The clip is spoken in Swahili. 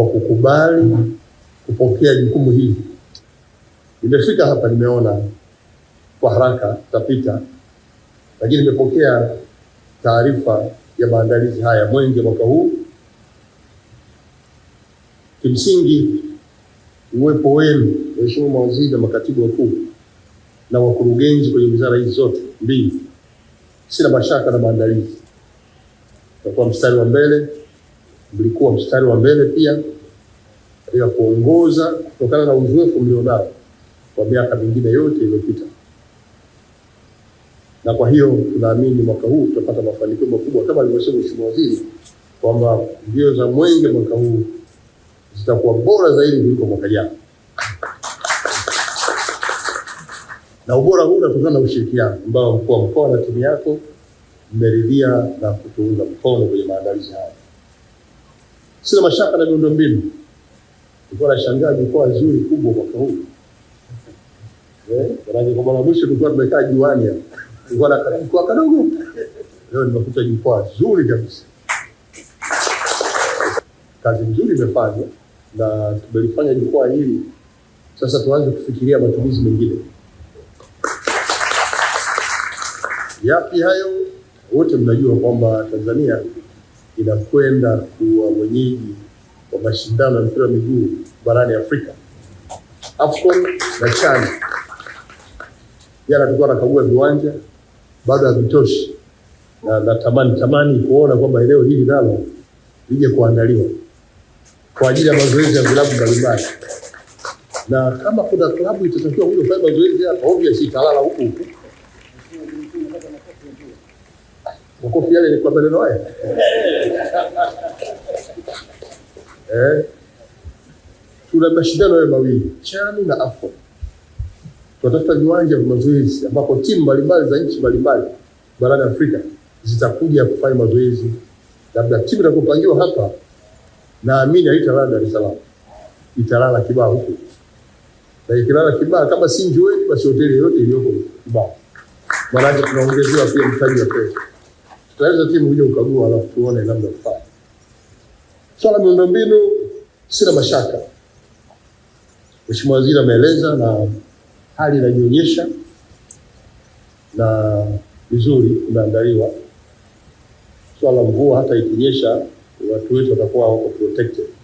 kwa kukubali kupokea jukumu hili. Nimefika hapa, nimeona kwa haraka tapita, lakini nimepokea taarifa ya maandalizi haya Mwenge mwaka huu. Kimsingi, uwepo wenu waheshimiwa mawaziri na makatibu wakuu na wakurugenzi kwenye wizara hizi zote mbili, sina mashaka na maandalizi, takuwa mstari wa mbele mlikuwa mstari wa mbele pia katika kuongoza kutokana na uzoefu mlionao kwa miaka mingine yote iliyopita, na kwa hiyo tunaamini mwaka huu tutapata mafanikio makubwa kama alivyosema Mheshimiwa Waziri kwamba mbio za mwenge mwaka huu zitakuwa bora zaidi kuliko mwaka jana, na ubora huu unatokana na ushirikiano ambao mkuu wa mkoa na timu yako mmeridhia na kutuunga mkono kwenye maandalizi haya. Sina mashaka na miundombinu. Tulikuwa nashangaa jukwaa zuri kubwa mwaka huu. Eh, daraja kwa mara mwisho tulikuwa tumekaa juani hapo. Tulikuwa na karibu kwa kadogo. Leo nimekuta jukwaa zuri kabisa. Kazi nzuri imefanywa na tumelifanya jukwaa hili. Sasa tuanze kufikiria matumizi mengine. Yapi hayo? Wote mnajua kwamba Tanzania inakwenda kuwa mwenyeji wa mashindano ya mpira wa miguu barani Afrika, AFCON na CHAN. Jana tulikuwa nakagua viwanja, bado havitoshi, na natamani tamani kuona kwamba eneo hili nalo lije kuandaliwa kwa ajili ya mazoezi ya vilabu mbalimbali, na kama kuna klabu itatakiwa kufanya mazoezi hapa, obviously italala huko huko Makofi yale ni maneno haya eh. Tuna mashindano hayo mawili chani na afo, tunatafuta viwanja vya mazoezi ambapo timu mbalimbali za nchi mbalimbali barani Afrika zitakuja kufanya mazoezi. Labda timu inakopangiwa hapa, naamini haitalala Dar es Salaam, italala Kibaha huko, na ikilala Kibaha kama si njiweni, basi hoteli yoyote iliyoko Kibaha, maanake tunaongezewa pia mtaji wa pesa tunaweza timu kuja ukagua, alafu tuone namna kufanya swala so, miundombinu sina mashaka, Mheshimiwa Waziri ameeleza na hali inajionyesha na vizuri, umeandaliwa swala so, mvua hata ikinyesha watu wetu watakuwa wako protected.